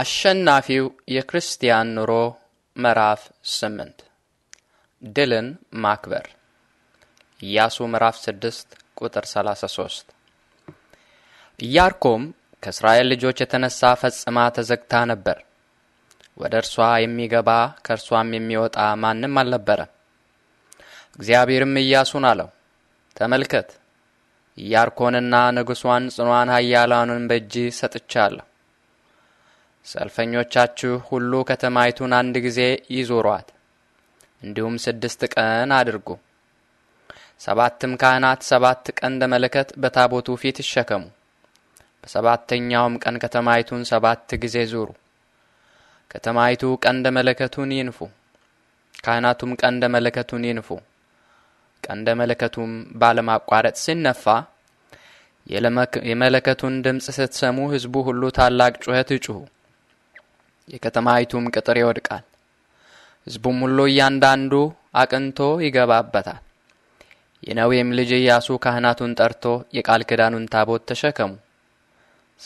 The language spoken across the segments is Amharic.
አሸናፊው የክርስቲያን ኑሮ ምዕራፍ ስምንት ድልን ማክበር ኢያሱ ምዕራፍ ስድስት ቁጥር ሰላሳ ሶስት ኢያሪኮም ከእስራኤል ልጆች የተነሳ ፈጽማ ተዘግታ ነበር። ወደ እርሷ የሚገባ ከእርሷም የሚወጣ ማንም አልነበረም። እግዚአብሔርም ኢያሱን አለው፣ ተመልከት ኢያሪኮንና ንጉሷን ጽኗን ኃያላኑን በእጅ ሰጥቻለሁ ሰልፈኞቻችሁ ሁሉ ከተማይቱን አንድ ጊዜ ይዞሯት፣ እንዲሁም ስድስት ቀን አድርጉ። ሰባትም ካህናት ሰባት ቀንደ መለከት በታቦቱ ፊት ይሸከሙ። በሰባተኛውም ቀን ከተማይቱን ሰባት ጊዜ ዙሩ። ከተማይቱ ቀንደ መለከቱን ይንፉ። ካህናቱም ቀንደ መለከቱን ይንፉ። ቀንደ መለከቱም ባለማቋረጥ ሲነፋ የመለከቱን ድምፅ ስትሰሙ ሕዝቡ ሁሉ ታላቅ ጩኸት ይጩሁ። የከተማይቱም ቅጥር ይወድቃል። ሕዝቡም ሁሉ እያንዳንዱ አቅንቶ ይገባበታል። የነዌም ልጅ ኢያሱ ካህናቱን ጠርቶ የቃል ክዳኑን ታቦት ተሸከሙ።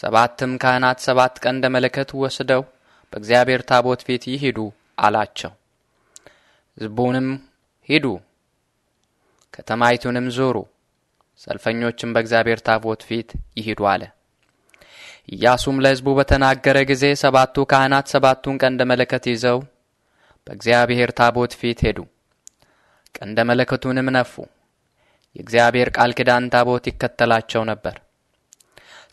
ሰባትም ካህናት ሰባት ቀንደ መለከት ወስደው በእግዚአብሔር ታቦት ፊት ይሂዱ አላቸው። ሕዝቡንም ሂዱ፣ ከተማይቱንም ዞሩ፣ ሰልፈኞችም በእግዚአብሔር ታቦት ፊት ይሂዱ አለ። ኢያሱም ለሕዝቡ በተናገረ ጊዜ ሰባቱ ካህናት ሰባቱን ቀንደ መለከት ይዘው በእግዚአብሔር ታቦት ፊት ሄዱ። ቀንደ መለከቱንም ነፉ። የእግዚአብሔር ቃል ኪዳን ታቦት ይከተላቸው ነበር።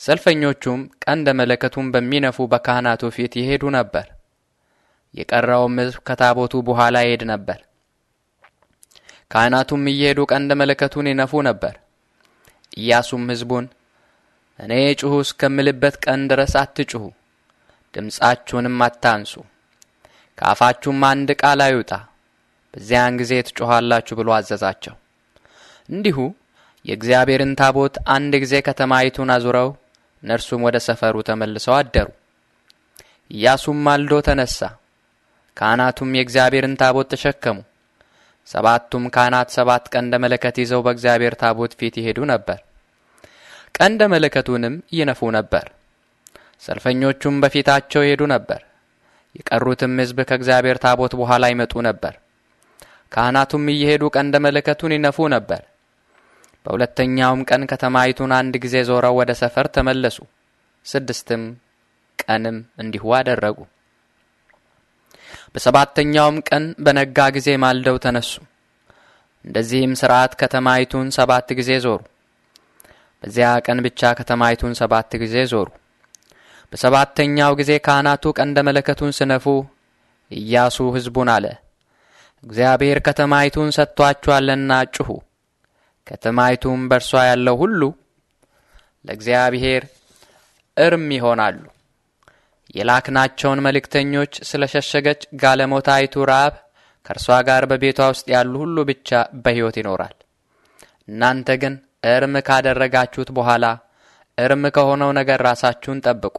ሰልፈኞቹም ቀንደ መለከቱን በሚነፉ በካህናቱ ፊት ይሄዱ ነበር። የቀረውም ሕዝብ ከታቦቱ በኋላ ይሄድ ነበር። ካህናቱም እየሄዱ ቀንደ መለከቱን ይነፉ ነበር። ኢያሱም ሕዝቡን እኔ ጩሁ እስከምልበት ቀን ድረስ አትጩሁ ድምፃችሁንም አታንሱ፣ ከአፋችሁም አንድ ቃል አይውጣ፣ በዚያን ጊዜ ትጮኋላችሁ ብሎ አዘዛቸው። እንዲሁ የእግዚአብሔርን ታቦት አንድ ጊዜ ከተማይቱን አዙረው እነርሱም ወደ ሰፈሩ ተመልሰው አደሩ። ኢያሱም ማልዶ ተነሳ። ካህናቱም የእግዚአብሔርን ታቦት ተሸከሙ። ሰባቱም ካህናት ሰባት ቀንደ መለከት ይዘው በእግዚአብሔር ታቦት ፊት ይሄዱ ነበር። ቀንደ መለከቱንም ይነፉ ነበር። ሰልፈኞቹም በፊታቸው ይሄዱ ነበር። የቀሩትም ሕዝብ ከእግዚአብሔር ታቦት በኋላ ይመጡ ነበር። ካህናቱም እየሄዱ ቀንደ መለከቱን ይነፉ ነበር። በሁለተኛውም ቀን ከተማይቱን አንድ ጊዜ ዞረው ወደ ሰፈር ተመለሱ። ስድስትም ቀንም እንዲሁ አደረጉ። በሰባተኛውም ቀን በነጋ ጊዜ ማልደው ተነሱ። እንደዚህም ስርዓት ከተማይቱን ሰባት ጊዜ ዞሩ። በዚያ ቀን ብቻ ከተማይቱን ሰባት ጊዜ ዞሩ። በሰባተኛው ጊዜ ካህናቱ ቀንደ መለከቱን ስነፉ። ኢያሱ ሕዝቡን አለ፣ እግዚአብሔር ከተማይቱን ሰጥቷችኋልና ጩኹ። ከተማይቱም በእርሷ ያለው ሁሉ ለእግዚአብሔር እርም ይሆናሉ። የላክናቸውን መልእክተኞች ስለ ሸሸገች ጋለሞታይቱ ረዓብ ከእርሷ ጋር በቤቷ ውስጥ ያሉ ሁሉ ብቻ በሕይወት ይኖራል። እናንተ ግን እርም ካደረጋችሁት በኋላ እርም ከሆነው ነገር ራሳችሁን ጠብቁ።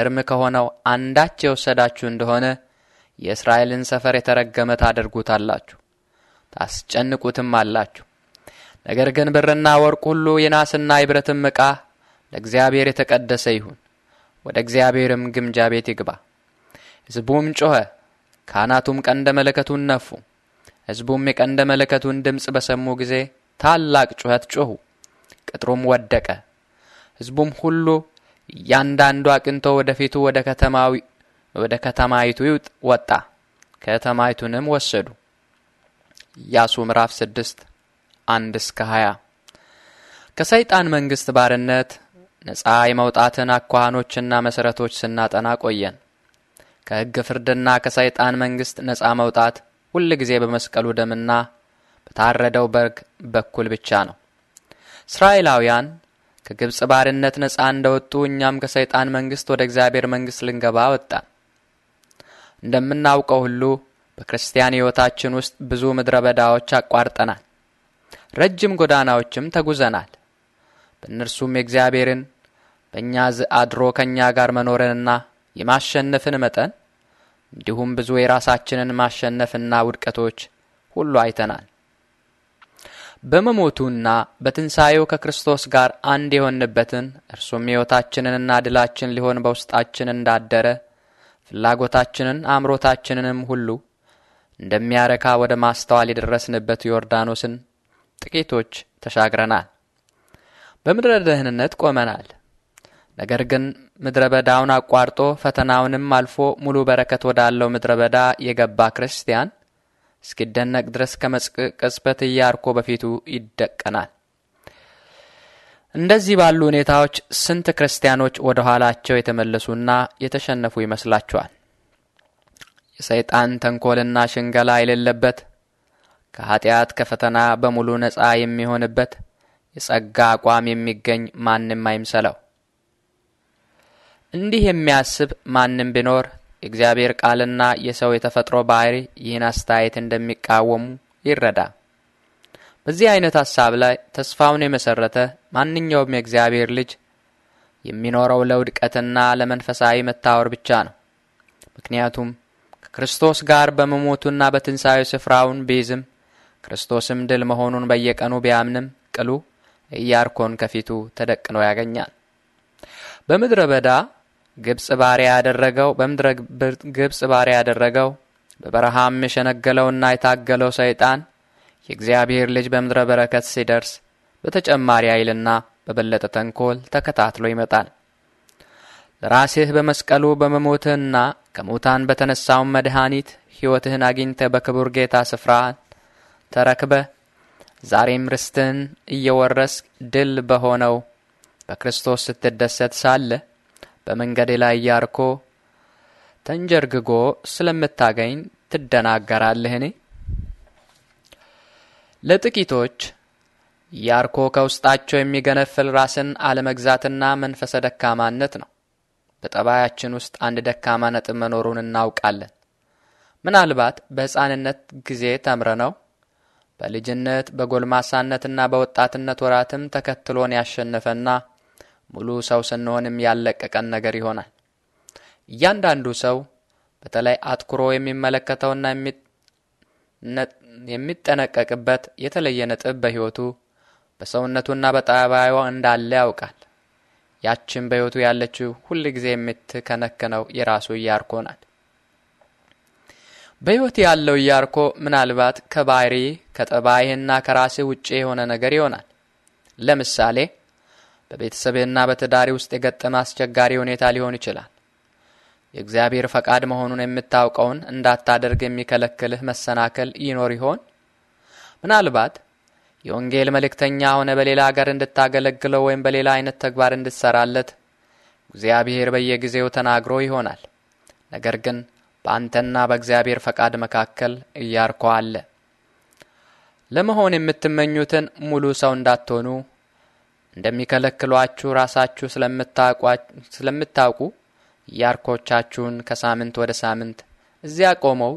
እርም ከሆነው አንዳች የወሰዳችሁ እንደሆነ የእስራኤልን ሰፈር የተረገመ ታደርጉታላችሁ፣ ታስጨንቁትም አላችሁ። ነገር ግን ብርና ወርቅ ሁሉ የናስና የብረትም ዕቃ ለእግዚአብሔር የተቀደሰ ይሁን፣ ወደ እግዚአብሔርም ግምጃ ቤት ይግባ። ሕዝቡም ጮኸ፣ ካህናቱም ቀንደ መለከቱን ነፉ። ሕዝቡም የቀንደ መለከቱን ድምፅ በሰሙ ጊዜ ታላቅ ጩኸት ጮኹ። ቅጥሩም ወደቀ። ሕዝቡም ሁሉ እያንዳንዱ አቅንቶ ወደ ፊቱ ወደ ከተማይቱ ወጣ። ከተማይቱንም ወሰዱ። ኢያሱ ምዕራፍ ስድስት አንድ እስከ ሀያ ከሰይጣን መንግስት ባርነት ነፃ የመውጣትን አኳኋኖችና መሠረቶች ስናጠና ቆየን። ከሕግ ፍርድና ከሰይጣን መንግስት ነፃ መውጣት ሁል ጊዜ በመስቀሉ ደምና በታረደው በግ በኩል ብቻ ነው። እስራኤላውያን ከግብፅ ባርነት ነፃ እንደወጡ እኛም ከሰይጣን መንግስት ወደ እግዚአብሔር መንግስት ልንገባ ወጣን። እንደምናውቀው ሁሉ በክርስቲያን ሕይወታችን ውስጥ ብዙ ምድረ በዳዎች አቋርጠናል፣ ረጅም ጎዳናዎችም ተጉዘናል። በእነርሱም የእግዚአብሔርን በእኛ አድሮ ከእኛ ጋር መኖርንና የማሸነፍን መጠን እንዲሁም ብዙ የራሳችንን ማሸነፍና ውድቀቶች ሁሉ አይተናል። በመሞቱና በትንሣኤው ከክርስቶስ ጋር አንድ የሆንበትን እርሱም ሕይወታችንንና ድላችን ሊሆን በውስጣችን እንዳደረ ፍላጎታችንን አእምሮታችንንም ሁሉ እንደሚያረካ ወደ ማስተዋል የደረስንበት ዮርዳኖስን ጥቂቶች ተሻግረናል። በምድረ ደህንነት ቆመናል። ነገር ግን ምድረ በዳውን አቋርጦ ፈተናውንም አልፎ ሙሉ በረከት ወዳለው ምድረ በዳ የገባ ክርስቲያን እስኪደነቅ ድረስ ከመቅጽበት እያርኮ በፊቱ ይደቀናል። እንደዚህ ባሉ ሁኔታዎች ስንት ክርስቲያኖች ወደ ኋላቸው የተመለሱና የተሸነፉ ይመስላችኋል? የሰይጣን ተንኮልና ሽንገላ የሌለበት ከኃጢአት ከፈተና በሙሉ ነፃ የሚሆንበት የጸጋ አቋም የሚገኝ ማንም አይምሰለው። እንዲህ የሚያስብ ማንም ቢኖር የእግዚአብሔር ቃልና የሰው የተፈጥሮ ባህሪ ይህን አስተያየት እንደሚቃወሙ ይረዳ። በዚህ አይነት ሐሳብ ላይ ተስፋውን የመሠረተ ማንኛውም የእግዚአብሔር ልጅ የሚኖረው ለውድቀትና ለመንፈሳዊ መታወር ብቻ ነው። ምክንያቱም ከክርስቶስ ጋር በመሞቱና በትንሣኤው ስፍራውን ቢይዝም ክርስቶስም ድል መሆኑን በየቀኑ ቢያምንም ቅሉ ኢያሪኮን ከፊቱ ተደቅኖ ያገኛል። በምድረ በዳ ግብጽ ባሪያ ያደረገው በምድረ ግብጽ ባሪያ ያደረገው በበረሃም የሸነገለውና የታገለው ሰይጣን የእግዚአብሔር ልጅ በምድረ በረከት ሲደርስ በተጨማሪ ኃይልና በበለጠ ተንኮል ተከታትሎ ይመጣል። ለራስህ በመስቀሉ በመሞትህና ከሙታን በተነሳውን መድኃኒት ሕይወትህን አግኝተ በክቡር ጌታ ስፍራ ተረክበ ዛሬም ርስትህን እየወረስ ድል በሆነው በክርስቶስ ስትደሰት ሳለህ በመንገዴ ላይ እያርኮ ተንጀርግጎ ስለምታገኝ ትደናገራለህን? ለጥቂቶች ያርኮ ከውስጣቸው የሚገነፍል ራስን አለመግዛትና መንፈሰ ደካማነት ነው። በጠባያችን ውስጥ አንድ ደካማ ነጥብ መኖሩን እናውቃለን። ምናልባት በሕፃንነት ጊዜ ተምረነው በልጅነት በጎልማሳነትና በወጣትነት ወራትም ተከትሎን ያሸነፈና ሙሉ ሰው ስንሆንም ያለቀቀን ነገር ይሆናል። እያንዳንዱ ሰው በተለይ አትኩሮ የሚመለከተውና የሚጠነቀቅበት የተለየ ነጥብ በሕይወቱ በሰውነቱና በጠባዩ እንዳለ ያውቃል። ያችን በሕይወቱ ያለችው ሁል ጊዜ የምትከነክነው የራሱ እያርኮ ናት። በሕይወት ያለው እያርኮ ምናልባት ከባህሪ ከጠባይህና ከራስህ ውጭ የሆነ ነገር ይሆናል። ለምሳሌ በቤተሰብህና በትዳሪ ውስጥ የገጠመ አስቸጋሪ ሁኔታ ሊሆን ይችላል። የእግዚአብሔር ፈቃድ መሆኑን የምታውቀውን እንዳታደርግ የሚከለክልህ መሰናከል ይኖር ይሆን? ምናልባት የወንጌል መልእክተኛ ሆነ በሌላ አገር እንድታገለግለው ወይም በሌላ አይነት ተግባር እንድትሰራለት እግዚአብሔር በየጊዜው ተናግሮ ይሆናል። ነገር ግን በአንተና በእግዚአብሔር ፈቃድ መካከል እያርኮ አለ። ለመሆን የምትመኙትን ሙሉ ሰው እንዳትሆኑ እንደሚከለክሏችሁ ራሳችሁ ስለምታውቁ እያርኮቻችሁን ከሳምንት ወደ ሳምንት እዚያ ቆመው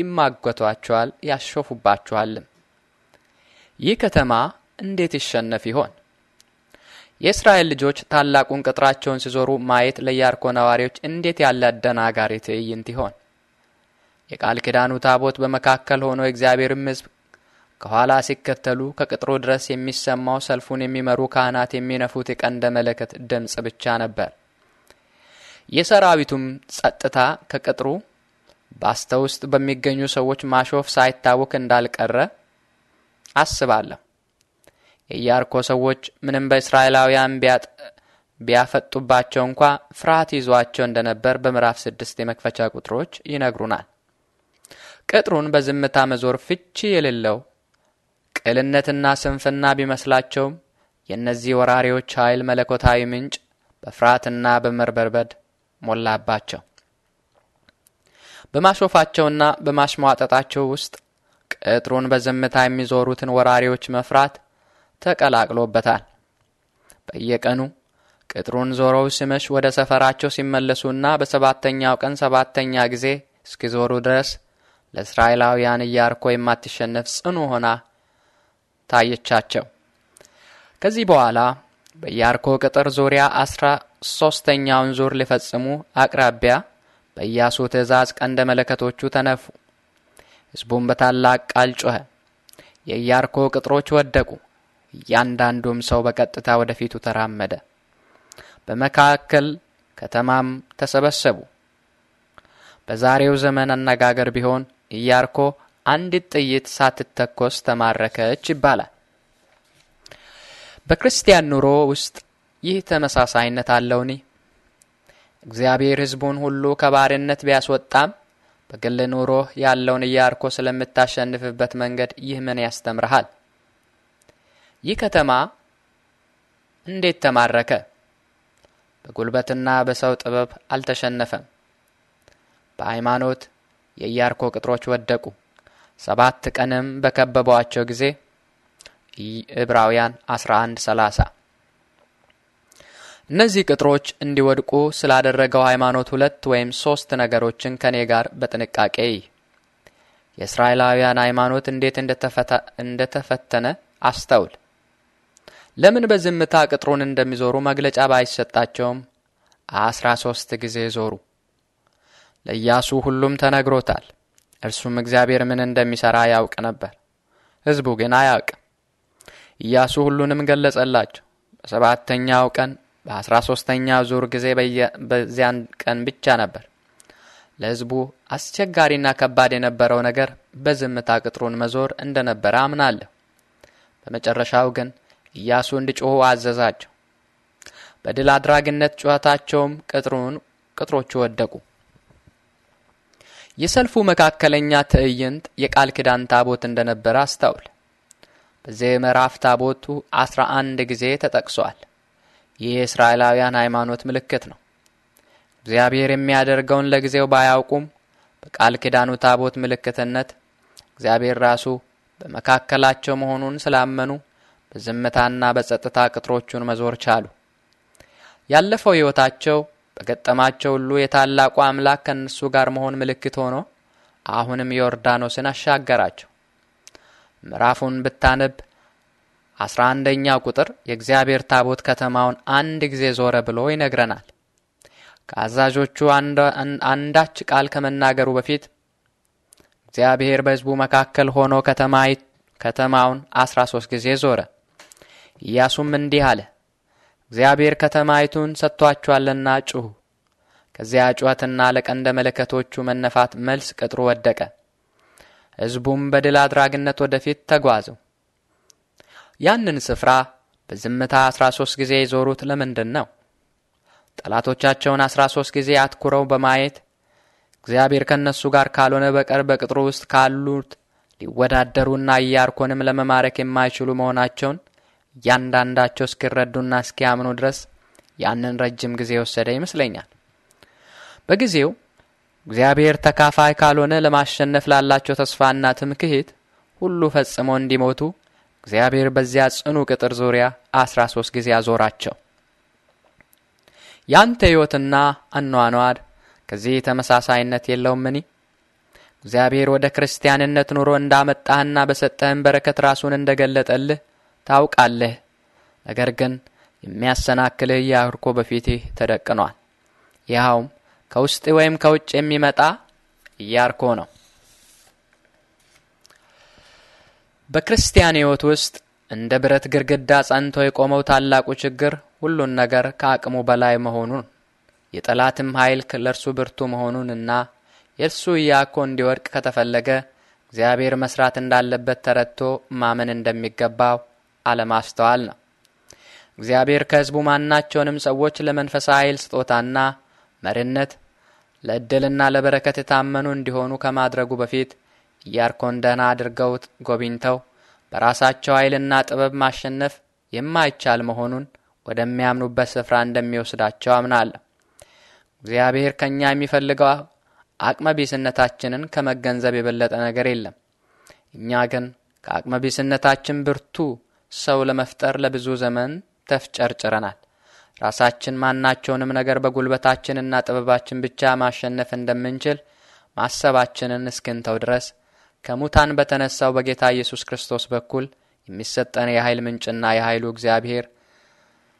ይማገቷችኋል፣ ያሾፉባችኋልም። ይህ ከተማ እንዴት ይሸነፍ ይሆን? የእስራኤል ልጆች ታላቁን ቅጥራቸውን ሲዞሩ ማየት ለያርኮ ነዋሪዎች እንዴት ያለ አደናጋሪ ትዕይንት ይሆን? የቃል ኪዳኑ ታቦት በመካከል ሆኖ የእግዚአብሔርም ሕዝብ ከኋላ ሲከተሉ ከቅጥሩ ድረስ የሚሰማው ሰልፉን የሚመሩ ካህናት የሚነፉት የቀንደ መለከት ድምፅ ብቻ ነበር። የሰራዊቱም ጸጥታ ከቅጥሩ ባስተ ውስጥ በሚገኙ ሰዎች ማሾፍ ሳይታወክ እንዳልቀረ አስባለሁ። የኢያሪኮ ሰዎች ምንም በእስራኤላውያን ቢያፈጡባቸው እንኳ ፍርሃት ይዟቸው እንደነበር በምዕራፍ ስድስት የመክፈቻ ቁጥሮች ይነግሩናል። ቅጥሩን በዝምታ መዞር ፍቺ የሌለው ቅልነትና ስንፍና ቢመስላቸውም የእነዚህ ወራሪዎች ኃይል መለኮታዊ ምንጭ በፍርሃትና በመርበርበድ ሞላባቸው። በማሾፋቸውና በማሽሟጠጣቸው ውስጥ ቅጥሩን በዝምታ የሚዞሩትን ወራሪዎች መፍራት ተቀላቅሎበታል። በየቀኑ ቅጥሩን ዞረው ሲመሽ ወደ ሰፈራቸው ሲመለሱና በሰባተኛው ቀን ሰባተኛ ጊዜ እስኪዞሩ ድረስ ለእስራኤላውያን ኢያሪኮ የማትሸነፍ ጽኑ ሆና ታየቻቸው። ከዚህ በኋላ በኢያሪኮ ቅጥር ዙሪያ አስራ ሶስተኛውን ዙር ሊፈጽሙ አቅራቢያ በኢያሱ ትእዛዝ ቀንደ መለከቶቹ ተነፉ። ሕዝቡም በታላቅ ቃል ጮኸ። የኢያሪኮ ቅጥሮች ወደቁ። እያንዳንዱም ሰው በቀጥታ ወደፊቱ ተራመደ። በመካከል ከተማም ተሰበሰቡ። በዛሬው ዘመን አነጋገር ቢሆን ኢያሪኮ አንዲት ጥይት ሳትተኮስ ተማረከች ይባላል። በክርስቲያን ኑሮ ውስጥ ይህ ተመሳሳይነት አለውኒ። እግዚአብሔር ሕዝቡን ሁሉ ከባርነት ቢያስወጣም በግል ኑሮ ያለውን እያርኮ ስለምታሸንፍበት መንገድ ይህ ምን ያስተምርሃል? ይህ ከተማ እንዴት ተማረከ? በጉልበትና በሰው ጥበብ አልተሸነፈም። በሃይማኖት የኢያሪኮ ቅጥሮች ወደቁ። ሰባት ቀንም በከበቧቸው ጊዜ ዕብራውያን 11 30 እነዚህ ቅጥሮች እንዲወድቁ ስላደረገው ሃይማኖት ሁለት ወይም ሶስት ነገሮችን ከኔ ጋር በጥንቃቄ ይ! የእስራኤላውያን ሃይማኖት እንዴት እንደተፈተነ አስተውል። ለምን በዝምታ ቅጥሩን እንደሚዞሩ መግለጫ ባይሰጣቸውም አስራ ሶስት ጊዜ ዞሩ። ለኢያሱ ሁሉም ተነግሮታል። እርሱም እግዚአብሔር ምን እንደሚሠራ ያውቅ ነበር፣ ሕዝቡ ግን አያውቅም። ኢያሱ ሁሉንም ገለጸላቸው። በሰባተኛው ቀን በአስራ ሦስተኛ ዙር ጊዜ በዚያን ቀን ብቻ ነበር። ለሕዝቡ አስቸጋሪና ከባድ የነበረው ነገር በዝምታ ቅጥሩን መዞር እንደነበረ አምናለሁ። በመጨረሻው ግን ኢያሱ እንዲጮኹ አዘዛቸው። በድል አድራጊነት ጩኸታቸውም ቅጥሩን ቅጥሮቹ ወደቁ። የሰልፉ መካከለኛ ትዕይንት የቃል ኪዳን ታቦት እንደነበረ አስተውል። በዚህ ምዕራፍ ታቦቱ አስራ አንድ ጊዜ ተጠቅሷል። ይህ የእስራኤላውያን ሃይማኖት ምልክት ነው። እግዚአብሔር የሚያደርገውን ለጊዜው ባያውቁም በቃል ኪዳኑ ታቦት ምልክትነት እግዚአብሔር ራሱ በመካከላቸው መሆኑን ስላመኑ በዝምታና በጸጥታ ቅጥሮቹን መዞር ቻሉ። ያለፈው ሕይወታቸው በገጠማቸው ሁሉ የታላቁ አምላክ ከእነርሱ ጋር መሆን ምልክት ሆኖ አሁንም ዮርዳኖስን አሻገራቸው። ምዕራፉን ብታነብ አስራ አንደኛው ቁጥር የእግዚአብሔር ታቦት ከተማውን አንድ ጊዜ ዞረ ብሎ ይነግረናል። ከአዛዦቹ አንዳች ቃል ከመናገሩ በፊት እግዚአብሔር በሕዝቡ መካከል ሆኖ ከተማውን አስራ ሶስት ጊዜ ዞረ። ኢያሱም እንዲህ አለ፣ እግዚአብሔር ከተማይቱን ሰጥቷችኋልና ጩኹ። ከዚያ ጩኸትና ለቀንደ መለከቶቹ መነፋት መልስ ቅጥሩ ወደቀ። ሕዝቡም በድል አድራጊነት ወደፊት ተጓዙ። ያንን ስፍራ በዝምታ አስራ ሶስት ጊዜ የዞሩት ለምንድን ነው? ጠላቶቻቸውን አስራ ሶስት ጊዜ አትኩረው በማየት እግዚአብሔር ከእነሱ ጋር ካልሆነ በቀር በቅጥሩ ውስጥ ካሉት ሊወዳደሩና እያርኮንም ለመማረክ የማይችሉ መሆናቸውን እያንዳንዳቸው እስኪረዱና እስኪያምኑ ድረስ ያንን ረጅም ጊዜ የወሰደ ይመስለኛል። በጊዜው እግዚአብሔር ተካፋይ ካልሆነ ለማሸነፍ ላላቸው ተስፋና ትምክህት ሁሉ ፈጽሞ እንዲሞቱ እግዚአብሔር በዚያ ጽኑ ቅጥር ዙሪያ አስራ ሶስት ጊዜ አዞራቸው። ያንተ ሕይወትና አኗኗር ከዚህ ተመሳሳይነት የለውምን? እግዚአብሔር ወደ ክርስቲያንነት ኑሮ እንዳመጣህና በሰጠህን በረከት ራሱን እንደገለጠልህ ታውቃለህ። ነገር ግን የሚያሰናክልህ የአርኮ በፊትህ ተደቅኗል። ይኸውም ከውስጥ ወይም ከውጭ የሚመጣ እያርኮ ነው። በክርስቲያን ሕይወት ውስጥ እንደ ብረት ግድግዳ ጸንቶ የቆመው ታላቁ ችግር ሁሉን ነገር ከአቅሙ በላይ መሆኑን የጠላትም ኃይል ለእርሱ ብርቱ መሆኑንና የእርሱ እያኮ እንዲወድቅ ከተፈለገ እግዚአብሔር መስራት እንዳለበት ተረድቶ ማመን እንደሚገባው አለማስተዋል ነው። እግዚአብሔር ከሕዝቡ ማናቸውንም ሰዎች ለመንፈሳዊ ኃይል ስጦታና መሪነት ለዕድልና ለበረከት የታመኑ እንዲሆኑ ከማድረጉ በፊት ኢያሪኮን ደህና አድርገው ጎብኝተው በራሳቸው ኃይልና ጥበብ ማሸነፍ የማይቻል መሆኑን ወደሚያምኑበት ስፍራ እንደሚወስዳቸው አምናለሁ። እግዚአብሔር ከእኛ የሚፈልገው አቅመ ቢስነታችንን ከመገንዘብ የበለጠ ነገር የለም። እኛ ግን ከአቅመ ቢስነታችን ብርቱ ሰው ለመፍጠር ለብዙ ዘመን ተፍጨርጭረናል። ራሳችን ማናቸውንም ነገር በጉልበታችንና ጥበባችን ብቻ ማሸነፍ እንደምንችል ማሰባችንን እስክንተው ድረስ ከሙታን በተነሳው በጌታ ኢየሱስ ክርስቶስ በኩል የሚሰጠን የኃይል ምንጭና የኃይሉ እግዚአብሔር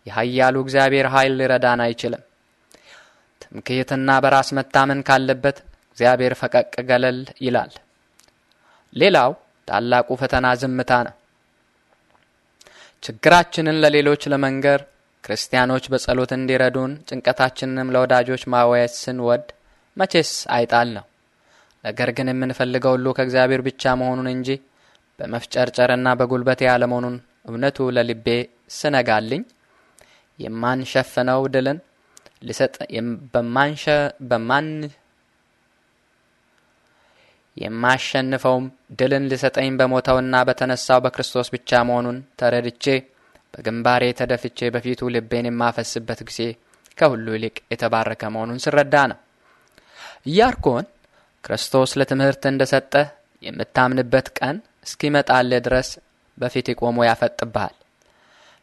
የኃያሉ እግዚአብሔር ኃይል ሊረዳን አይችልም። ትምክህትና በራስ መታመን ካለበት እግዚአብሔር ፈቀቅ ገለል ይላል። ሌላው ታላቁ ፈተና ዝምታ ነው። ችግራችንን ለሌሎች ለመንገር ክርስቲያኖች በጸሎት እንዲረዱን ጭንቀታችንንም ለወዳጆች ማወያየት ስንወድ መቼስ አይጣል ነው። ነገር ግን የምንፈልገው ሁሉ ከእግዚአብሔር ብቻ መሆኑን እንጂ በመፍጨርጨርና በጉልበቴ ያለመሆኑን እውነቱ ለልቤ ስነጋልኝ የማንሸፍነው ድልን ልሰጥ በማንሸ የማሸንፈውም ድልን ሊሰጠኝ በሞተውና በተነሳው በክርስቶስ ብቻ መሆኑን ተረድቼ በግንባሬ ተደፍቼ በፊቱ ልቤን የማፈስበት ጊዜ ከሁሉ ይልቅ የተባረከ መሆኑን ስረዳ ነው። እያርኮን ክርስቶስ ለትምህርት እንደ ሰጠ የምታምንበት ቀን እስኪመጣልህ ድረስ በፊት ቆሞ ያፈጥብሃል።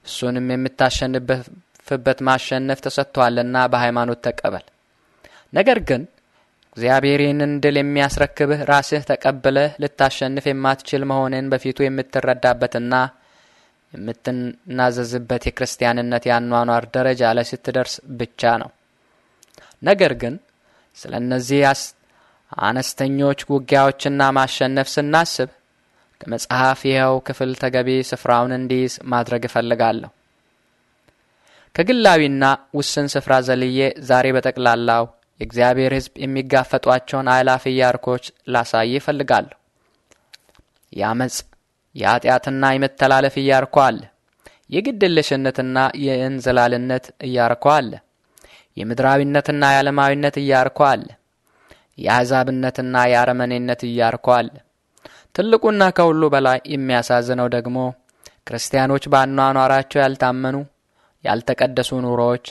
እሱንም የምታሸንፍበት ማሸነፍ ተሰጥቷልና በሃይማኖት ተቀበል። ነገር ግን እግዚአብሔር ይህንን ድል የሚያስረክብህ ራስህ ተቀብለህ ልታሸንፍ የማትችል መሆንን በፊቱ የምትረዳበትና የምትናዘዝበት የክርስቲያንነት የአኗኗር ደረጃ ላይ ስትደርስ ብቻ ነው። ነገር ግን ስለ እነዚህ አነስተኞች ውጊያዎችና ማሸነፍ ስናስብ ከመጽሐፍ ይኸው ክፍል ተገቢ ስፍራውን እንዲይዝ ማድረግ እፈልጋለሁ። ከግላዊና ውስን ስፍራ ዘልዬ ዛሬ በጠቅላላው የእግዚአብሔር ሕዝብ የሚጋፈጧቸውን አእላፍ ያርኮች ላሳይ እፈልጋለሁ። የአመፅ የኃጢአትና የመተላለፍ እያርኮ አለ። የግድልሽነትና የእንዝላልነት እያርኮ አለ። የምድራዊነትና የዓለማዊነት እያርኮ አለ። የአሕዛብነትና የአረመኔነት እያርኮ አለ። ትልቁና ከሁሉ በላይ የሚያሳዝነው ደግሞ ክርስቲያኖች በአኗኗራቸው ያልታመኑ ያልተቀደሱ ኑሮዎች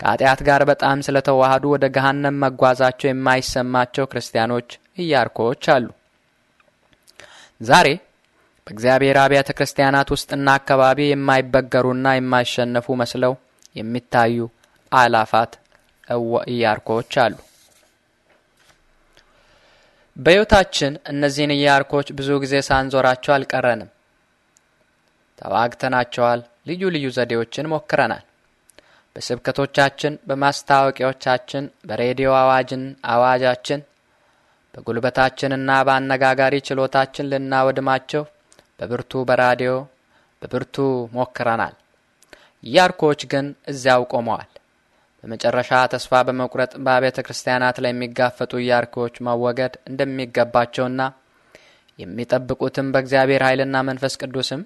ከኃጢአት ጋር በጣም ስለተዋሃዱ ወደ ገሃነም መጓዛቸው የማይሰማቸው ክርስቲያኖች እያርኮዎች አሉ። ዛሬ በእግዚአብሔር አብያተ ክርስቲያናት ውስጥና አካባቢ የማይበገሩና የማይሸነፉ መስለው የሚታዩ አላፋት እያርኮዎች አሉ። በሕይወታችን እነዚህን እያርኮዎች ብዙ ጊዜ ሳንዞራቸው አልቀረንም። ተዋግተናቸዋል። ልዩ ልዩ ዘዴዎችን ሞክረናል። በስብከቶቻችን፣ በማስታወቂያዎቻችን፣ በሬዲዮ አዋጅን አዋጃችን፣ በጉልበታችንና በአነጋጋሪ ችሎታችን ልናወድማቸው በብርቱ በራዲዮ በብርቱ ሞክረናል። ያርኮዎች ግን እዚያው ቆመዋል። በመጨረሻ ተስፋ በመቁረጥ በአብያተ ክርስቲያናት ላይ የሚጋፈጡ ኢያሪኮዎች መወገድ እንደሚገባቸውና የሚጠብቁትም በእግዚአብሔር ኃይልና መንፈስ ቅዱስም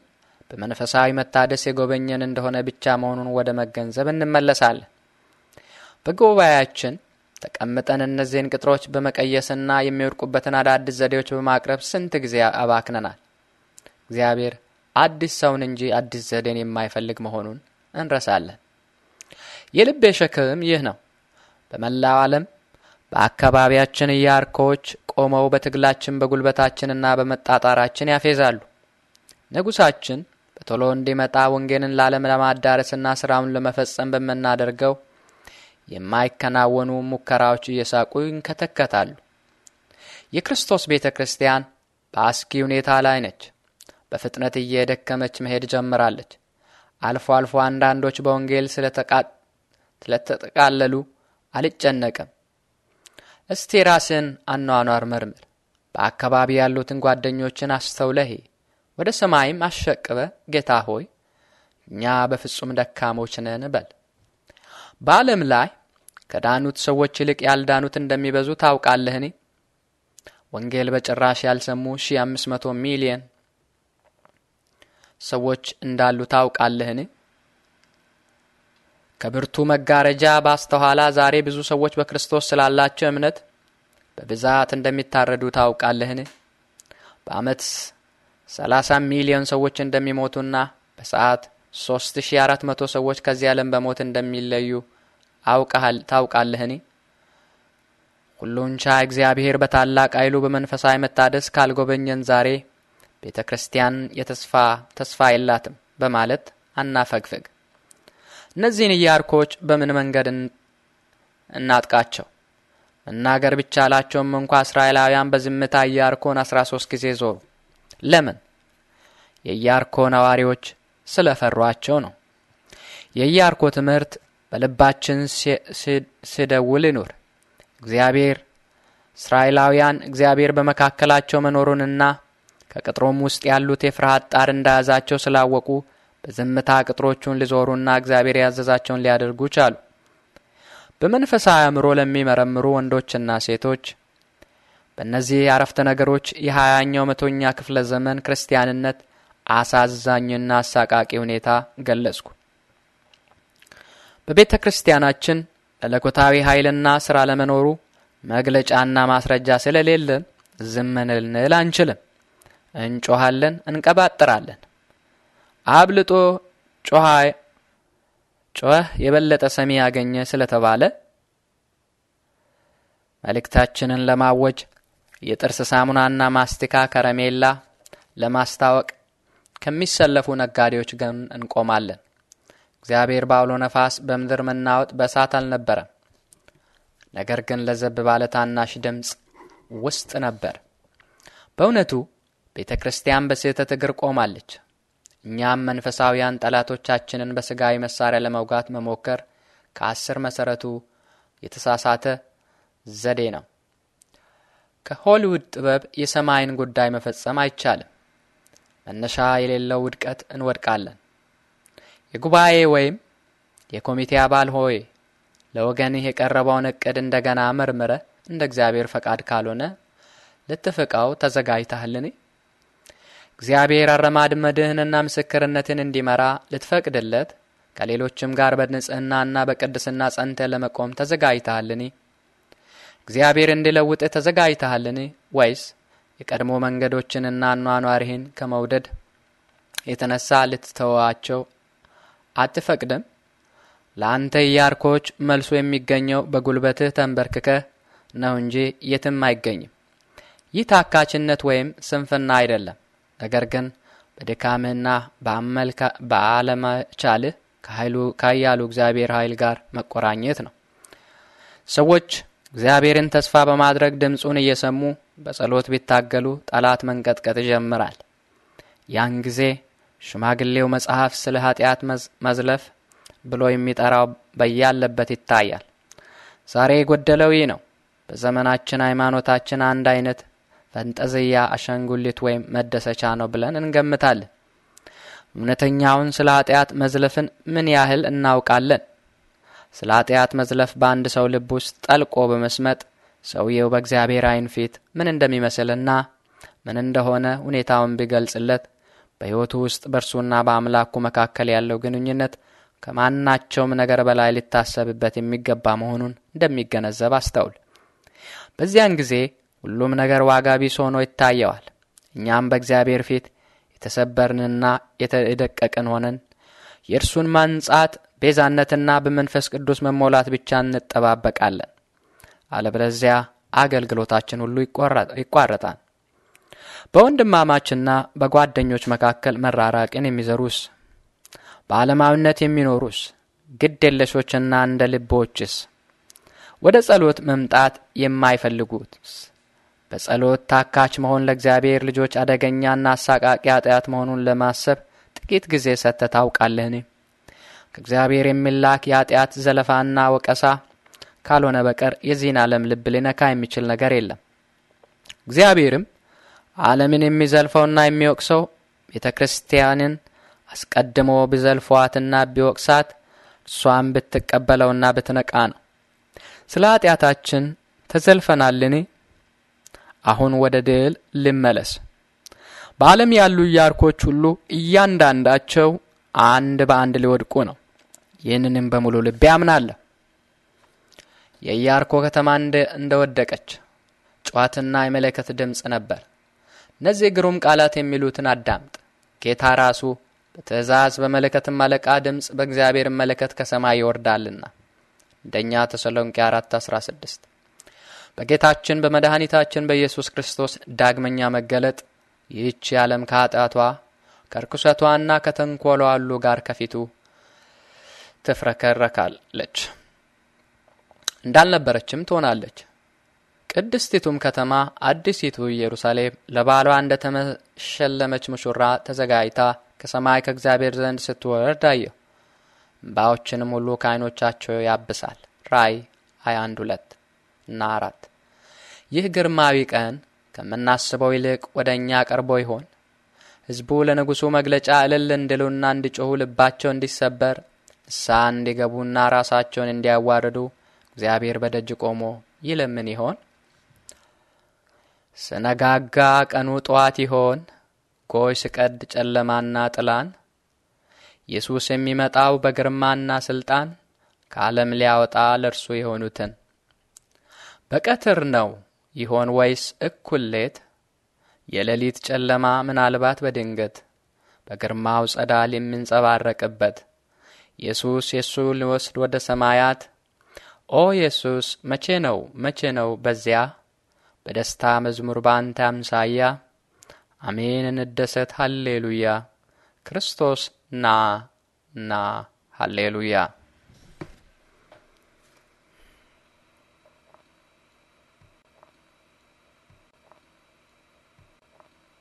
በመንፈሳዊ መታደስ የጎበኘን እንደሆነ ብቻ መሆኑን ወደ መገንዘብ እንመለሳለን። በጉባኤያችን ተቀምጠን እነዚህን ቅጥሮች በመቀየስና የሚወድቁበትን አዳዲስ ዘዴዎች በማቅረብ ስንት ጊዜ አባክነናል። እግዚአብሔር አዲስ ሰውን እንጂ አዲስ ዘዴን የማይፈልግ መሆኑን እንረሳለን። የልቤ ሸክም ይህ ነው። በመላው ዓለም በአካባቢያችን ኢያሪኮዎች ቆመው በትግላችን በጉልበታችንና በመጣጣራችን ያፌዛሉ። ንጉሳችን ቶሎ እንዲመጣ ወንጌልን ለዓለም ለማዳረስና ስራውን ለመፈጸም በምናደርገው የማይከናወኑ ሙከራዎች እየሳቁ ይንከተከታሉ። የክርስቶስ ቤተ ክርስቲያን በአስጊ ሁኔታ ላይ ነች። በፍጥነት እየደከመች መሄድ ጀምራለች። አልፎ አልፎ አንዳንዶች በወንጌል ስለተጠቃለሉ አልጨነቅም። እስቲ ራስን አኗኗር መርምር። በአካባቢ ያሉትን ጓደኞችን አስተውለሄ ወደ ሰማይም አሸቅበ ጌታ ሆይ እኛ በፍጹም ደካሞች ነን በል። በዓለም ላይ ከዳኑት ሰዎች ይልቅ ያልዳኑት እንደሚበዙ ታውቃለህኔ ወንጌል በጭራሽ ያልሰሙ ሺ አምስት መቶ ሚሊየን ሰዎች እንዳሉ ታውቃለህን? ከብርቱ መጋረጃ ባስተኋላ ዛሬ ብዙ ሰዎች በክርስቶስ ስላላቸው እምነት በብዛት እንደሚታረዱ ታውቃለህን? በአመት 30 ሚሊዮን ሰዎች እንደሚሞቱና በሰዓት 3400 ሰዎች ከዚህ ዓለም በሞት እንደሚለዩ አውቀሃል ታውቃለህኒ? ሁሉን ቻ እግዚአብሔር በታላቅ ኃይሉ በመንፈሳዊ መታደስ ካልጎበኘን ዛሬ ቤተ ክርስቲያን የተስፋ ተስፋ የላትም በማለት አናፈግፍግ። እነዚህን እያርኮች በምን መንገድ እናጥቃቸው? መናገር ቢቻላቸውም እንኳ እስራኤላውያን በዝምታ እያርኮን አስራ ሶስት ጊዜ ዞሩ። ለምን? የኢያርኮ ነዋሪዎች ስለፈሯቸው ነው። የኢያርኮ ትምህርት በልባችን ሲደውል ይኑር። እግዚአብሔር እስራኤላውያን እግዚአብሔር በመካከላቸው መኖሩንና ከቅጥሮም ውስጥ ያሉት የፍርሃት ጣር እንዳያዛቸው ስላወቁ በዝምታ ቅጥሮቹን ሊዞሩና እግዚአብሔር ያዘዛቸውን ሊያደርጉ ቻሉ። በመንፈሳዊ አእምሮ ለሚመረምሩ ወንዶችና ሴቶች በእነዚህ አረፍተ ነገሮች የሀያኛው መቶኛ ክፍለ ዘመን ክርስቲያንነት አሳዛኝና አሳቃቂ ሁኔታ ገለጽኩ። በቤተ ክርስቲያናችን መለኮታዊ ኃይልና ሥራ ለመኖሩ መግለጫና ማስረጃ ስለሌለን ዝም ልንል አንችልም። እንጮኋለን፣ እንቀባጥራለን። አብልጦ ጮኸ የበለጠ ሰሚ ያገኘ ስለተባለ መልእክታችንን ለማወጅ የጥርስ ሳሙናና ማስቲካ ከረሜላ ለማስታወቅ ከሚሰለፉ ነጋዴዎች ግን እንቆማለን። እግዚአብሔር በአውሎ ነፋስ በምድር መናወጥ በእሳት አልነበረም፣ ነገር ግን ለዘብ ባለ ታናሽ ድምፅ ውስጥ ነበር። በእውነቱ ቤተ ክርስቲያን በስህተት እግር ቆማለች። እኛም መንፈሳውያን ጠላቶቻችንን በሥጋዊ መሣሪያ ለመውጋት መሞከር ከአስር መሠረቱ የተሳሳተ ዘዴ ነው። ከሆሊውድ ጥበብ የሰማይን ጉዳይ መፈጸም አይቻልም። መነሻ የሌለው ውድቀት እንወድቃለን። የጉባኤ ወይም የኮሚቴ አባል ሆይ ለወገንህ የቀረበውን እቅድ እንደገና መርምረ እንደ እግዚአብሔር ፈቃድ ካልሆነ ልትፍቃው ተዘጋጅተህልን? እግዚአብሔር አረማድመድህንና ምስክርነትን እንዲመራ ልትፈቅድለት ከሌሎችም ጋር በንጽህናና በቅድስና ጸንተ ለመቆም ተዘጋጅተሃልን? እግዚአብሔር እንዲለውጥህ ተዘጋጅተሃልን? ወይስ የቀድሞ መንገዶችንና አኗኗርህን ከመውደድ የተነሳ ልትተዋቸው አትፈቅድም? ለአንተ ኢያሪኮች መልሶ የሚገኘው በጉልበትህ ተንበርክከህ ነው እንጂ የትም አይገኝም። ይህ ታካችነት ወይም ስንፍና አይደለም። ነገር ግን በድካምህና በአለመቻልህ ከኃያሉ እግዚአብሔር ኃይል ጋር መቆራኘት ነው። ሰዎች እግዚአብሔርን ተስፋ በማድረግ ድምፁን እየሰሙ በጸሎት ቢታገሉ ጠላት መንቀጥቀጥ ይጀምራል። ያን ጊዜ ሽማግሌው መጽሐፍ ስለ ኃጢአት መዝለፍ ብሎ የሚጠራው በያለበት ይታያል። ዛሬ የጎደለው ይህ ነው። በዘመናችን ሃይማኖታችን አንድ አይነት ፈንጠዝያ፣ አሻንጉሊት ወይም መደሰቻ ነው ብለን እንገምታለን። እውነተኛውን ስለ ኃጢአት መዝለፍን ምን ያህል እናውቃለን? ስለ ኃጢአት መዝለፍ በአንድ ሰው ልብ ውስጥ ጠልቆ በመስመጥ ሰውየው በእግዚአብሔር ዓይን ፊት ምን እንደሚመስልና ምን እንደሆነ ሁኔታውን ቢገልጽለት በሕይወቱ ውስጥ በእርሱና በአምላኩ መካከል ያለው ግንኙነት ከማናቸውም ነገር በላይ ሊታሰብበት የሚገባ መሆኑን እንደሚገነዘብ አስተውል። በዚያን ጊዜ ሁሉም ነገር ዋጋ ቢስ ሆኖ ይታየዋል። እኛም በእግዚአብሔር ፊት የተሰበርንና የደቀቅን ሆነን የእርሱን ማንጻት ቤዛነትና በመንፈስ ቅዱስ መሞላት ብቻ እንጠባበቃለን። አለበለዚያ አገልግሎታችን ሁሉ ይቋረጣል። በወንድማማችና በጓደኞች መካከል መራራቅን የሚዘሩስ፣ በዓለማዊነት የሚኖሩስ፣ ግድ የለሾችና እንደ ልቦችስ፣ ወደ ጸሎት መምጣት የማይፈልጉትስ፣ በጸሎት ታካች መሆን ለእግዚአብሔር ልጆች አደገኛና አሳቃቂ ኃጢአት መሆኑን ለማሰብ ጥቂት ጊዜ ሰጥተህ ታውቃለህን? ከእግዚአብሔር የሚላክ የኃጢአት ዘለፋና ወቀሳ ካልሆነ በቀር የዚህን ዓለም ልብ ሊነካ የሚችል ነገር የለም። እግዚአብሔርም ዓለምን የሚዘልፈውና የሚወቅሰው ቤተ ክርስቲያንን አስቀድሞ ቢዘልፏትና ቢወቅሳት እሷም ብትቀበለውና ብትነቃ ነው። ስለ ኃጢአታችን ተዘልፈናልን? አሁን ወደ ድል ልመለስ። በዓለም ያሉ እያርኮች ሁሉ እያንዳንዳቸው አንድ በአንድ ሊወድቁ ነው። ይህንንም በሙሉ ልቤ አምናለሁ። የኢያርኮ ከተማ ወደቀች ጨዋትና የመለከት ድምፅ ነበር። እነዚህ ግሩም ቃላት የሚሉትን አዳምጥ። ጌታ ራሱ በትእዛዝ በመለከትም አለቃ ድምፅ በእግዚአብሔር መለከት ከሰማይ ይወርዳልና አንደኛ ተሰሎንቄ 16 በጌታችን በመድኃኒታችን በኢየሱስ ክርስቶስ ዳግመኛ መገለጥ ይህች የዓለም ከኃጢአቷ ከርኩሰቷና ከተንኮሏ ሁሉ ጋር ከፊቱ ትፍረከረካለች፣ እንዳልነበረችም ትሆናለች። ቅድስቲቱም ከተማ አዲሲቱ ኢየሩሳሌም ለባሏ እንደ ተመሸለመች ሙሽራ ተዘጋጅታ ከሰማይ ከእግዚአብሔር ዘንድ ስትወርድ አየሁ። እምባዎችንም ሁሉ ከዓይኖቻቸው ያብሳል። ራእይ 21 ሁለት እና አራት ይህ ግርማዊ ቀን ከምናስበው ይልቅ ወደ እኛ ቀርቦ ይሆን? ሕዝቡ ለንጉሡ መግለጫ እልል እንዲሉና እንዲጮኹ ልባቸው እንዲሰበር ንስሐ እንዲገቡና ራሳቸውን እንዲያዋርዱ እግዚአብሔር በደጅ ቆሞ ይለምን ይሆን? ስነጋጋ ቀኑ ጠዋት ይሆን? ጎይ ስቀድ ጨለማና ጥላን ኢየሱስ የሚመጣው በግርማና ስልጣን ከዓለም ሊያወጣ ለእርሱ የሆኑትን በቀትር ነው ይሆን ወይስ እኩሌት? የሌሊት ጨለማ ምናልባት በድንገት በግርማው ጸዳል የሚንጸባረቅበት ኢየሱስ የእሱን ሊወስድ ወደ ሰማያት ኦ ኢየሱስ መቼ ነው መቼ ነው በዚያ በደስታ መዝሙር በአንተ አምሳያ አሜን እንደሰት ሃሌሉያ ክርስቶስ ና ና ሃሌሉያ